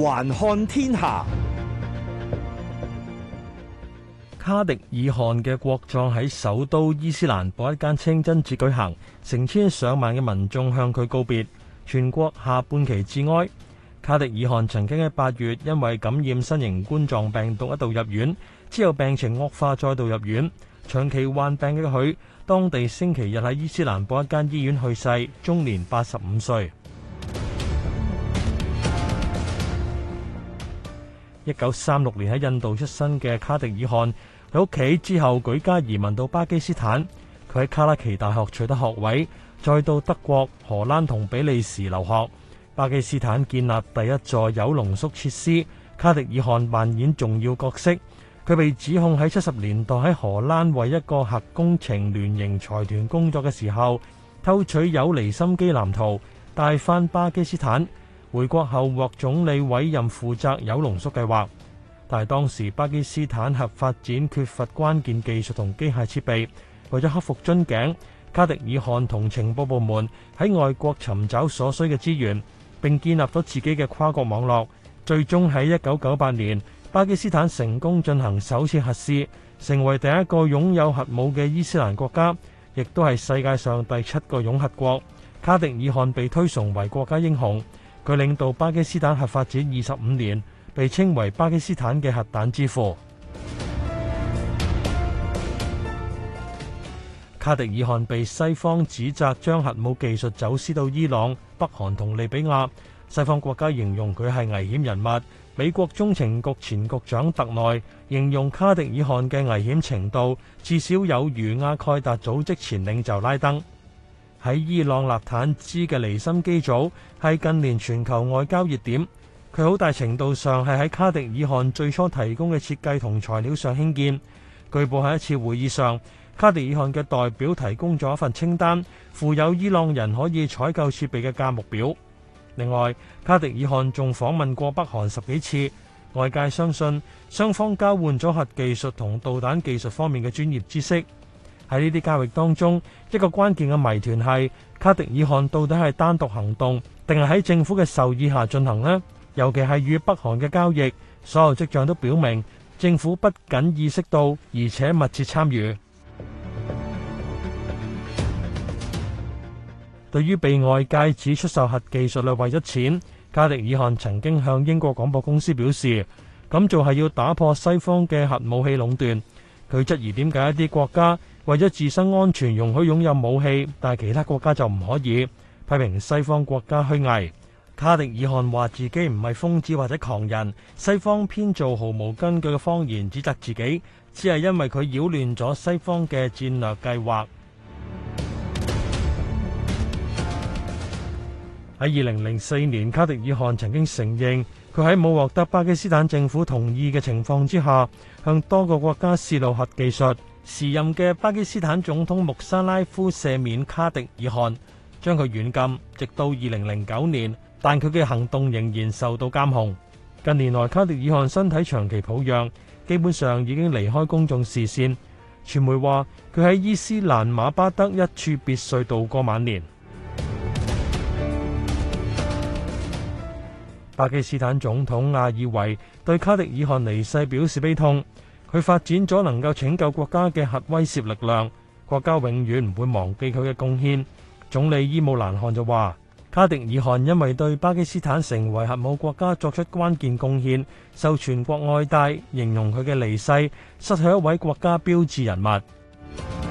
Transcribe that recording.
環看天下，卡迪爾汗嘅國葬喺首都伊斯蘭堡一間清真寺舉行，成千上萬嘅民眾向佢告別，全國下半旗致哀。卡迪爾汗曾經喺八月因為感染新型冠狀病毒一度入院，之後病情惡化再度入院，長期患病嘅佢，當地星期日喺伊斯蘭堡一間醫院去世，終年八十五歲。一九三六年喺印度出生嘅卡迪爾汗，佢屋企之後舉家移民到巴基斯坦，佢喺卡拉奇大學取得學位，再到德國、荷蘭同比利時留學。巴基斯坦建立第一座鈾濃縮設施，卡迪爾汗扮演重要角色。佢被指控喺七十年代喺荷蘭為一個核工程聯營財團工作嘅時候偷取鈾離心機藍圖，帶翻巴基斯坦。回國後獲總理委任負責鈾濃縮計劃，但係當時巴基斯坦核發展缺乏關鍵技術同機械設備，為咗克服樽頸，卡迪爾汗同情報部門喺外國尋找所需嘅資源，並建立咗自己嘅跨國網絡。最終喺一九九八年，巴基斯坦成功進行首次核試，成為第一個擁有核武嘅伊斯蘭國家，亦都係世界上第七個擁核國。卡迪爾汗被推崇為國家英雄。佢領導巴基斯坦核發展二十五年，被稱為巴基斯坦嘅核彈之父。卡迪爾汗被西方指責將核武技術走私到伊朗、北韓同利比亞。西方國家形容佢係危險人物。美國中情局前局長特內形容卡迪爾汗嘅危險程度至少有如阿蓋達組織前領袖拉登。喺伊朗納坦茲嘅離心機組，係近年全球外交熱點，佢好大程度上係喺卡迪爾汗最初提供嘅設計同材料上興建。據報喺一次會議上，卡迪爾汗嘅代表提供咗一份清單，附有伊朗人可以採購設備嘅價目表。另外，卡迪爾汗仲訪問過北韓十幾次，外界相信雙方交換咗核技術同導彈技術方面嘅專業知識。喺呢啲交易當中，一個關鍵嘅謎團係卡迪爾汗到底係單獨行動定係喺政府嘅授意下進行呢，尤其係與北韓嘅交易，所有跡象都表明政府不僅意識到，而且密切參與。對於被外界指出售核技術係為咗錢，卡迪爾汗曾經向英國廣播公司表示，咁做係要打破西方嘅核武器壟斷，佢質疑點解一啲國家為咗自身安全容許擁有武器，但係其他國家就唔可以，批評西方國家虛偽。卡迪爾汗話自己唔係瘋子或者狂人，西方編造毫無根據嘅謊言指責自己，只係因為佢擾亂咗西方嘅戰略計劃。喺二零零四年，卡迪爾汗曾經承認，佢喺冇獲得巴基斯坦政府同意嘅情況之下，向多個國家泄露核技術。時任嘅巴基斯坦總統穆沙拉夫赦免卡迪爾汗，將佢軟禁，直到二零零九年，但佢嘅行動仍然受到監控。近年來，卡迪爾汗身體長期抱恙，基本上已經離開公眾視線。傳媒話佢喺伊斯蘭馬巴德一處別墅度過晚年。巴基斯坦總統亞爾維對卡迪爾汗離世表示悲痛。佢發展咗能夠拯救國家嘅核威懾力量，國家永遠唔會忘記佢嘅貢獻。總理伊姆蘭汗就話：卡迪爾汗因為對巴基斯坦成為核武國家作出關鍵貢獻，受全國愛戴，形容佢嘅離世失去一位國家標誌人物。